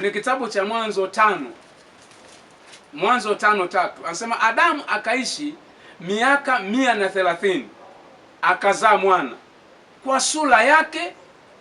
kwenye kitabu cha Mwanzo tano Mwanzo tano tatu anasema Adamu akaishi miaka mia na thelathini akazaa mwana kwa sura yake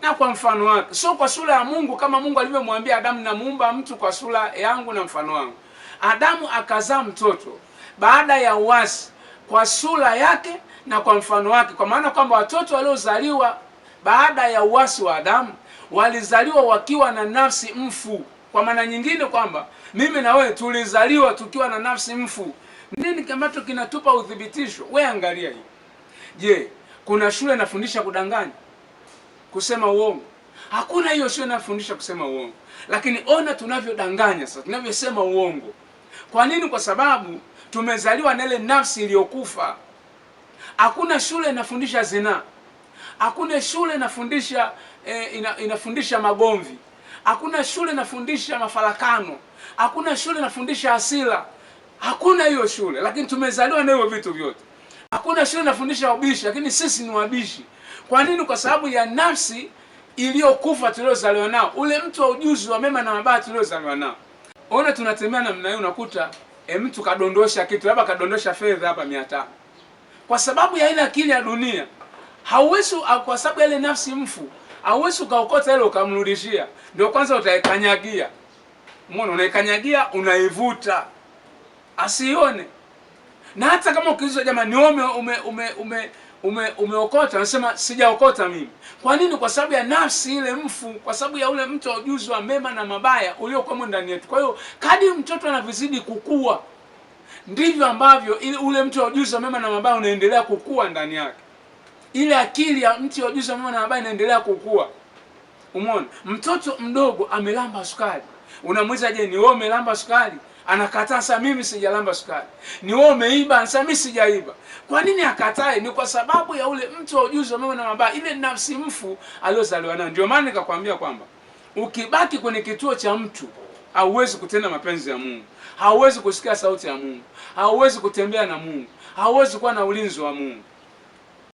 na kwa mfano wake, sio kwa sura ya Mungu kama Mungu alivyomwambia Adamu, namuumba mtu kwa sura yangu na mfano wangu. Adamu akazaa mtoto baada ya uasi kwa sura yake na kwa mfano wake, kwa maana kwamba watoto waliozaliwa baada ya uasi wa Adamu walizaliwa wakiwa na nafsi mfu. Kwa maana nyingine kwamba mimi na wewe tulizaliwa tukiwa na nafsi mfu. Nini ambacho kinatupa uthibitisho? We angalia hii. Je, kuna shule inafundisha kudanganya, kusema uongo? Hakuna hiyo shule inafundisha kusema uongo, lakini ona tunavyodanganya sasa, tunavyosema uongo. Kwa nini? Kwa sababu tumezaliwa na ile nafsi iliyokufa. Hakuna shule inafundisha zinaa. Hakuna shule inafundisha eh, ina, inafundisha magomvi. Hakuna shule inafundisha mafarakano. Hakuna shule inafundisha hasira. Hakuna hiyo shule, lakini tumezaliwa na hiyo vitu vyote. Hakuna shule inafundisha ubishi, lakini sisi ni wabishi. Kwa nini? Kwa sababu ya nafsi iliyokufa tuliozaliwa nao, ule mtu wa ujuzi wa mema na mabaya tuliozaliwa nao. Ona, tunatembea namna hiyo, unakuta e, mtu kadondosha kitu, labda kadondosha fedha hapa mia tano, kwa sababu ya ile akili ya dunia hauwezi kwa sababu ile nafsi mfu hauwezi ukaokota ile ukamrudishia, ndio kwanza utaikanyagia. Umeona, unaikanyagia unaivuta asione. Na hata kama ukiulizwa, jamani, ume ume ume ume ume umeokota, anasema sijaokota mimi. Kwa nini? Kwa sababu ya nafsi ile mfu, kwa sababu ya ule mtu wa ujuzi wa mema na mabaya uliokuwa ndani yetu. Kwa hiyo kadi mtoto anavyozidi kukua ndivyo ambavyo ule mtu wa ujuzi wa mema na mabaya unaendelea kukua ndani yake ile akili ya mtu yajua mwanahabari inaendelea kukua. Umeona, mtoto mdogo amelamba sukari, unamuuliza je, ni wewe umelamba sukari? Anakataa, sasa mimi sijalamba sukari. Ni wewe umeiba? Sasa mimi sijaiba. Kwa nini akatae? Ni kwa sababu ya ule mtu wa ujuzi wa mema na mabaya, ile nafsi mfu aliozaliwa nayo. Ndio maana nikakwambia kwamba ukibaki kwenye kituo cha mtu hauwezi kutenda mapenzi ya Mungu, hauwezi kusikia sauti ya Mungu, hauwezi kutembea na Mungu, hauwezi kuwa na ulinzi wa Mungu.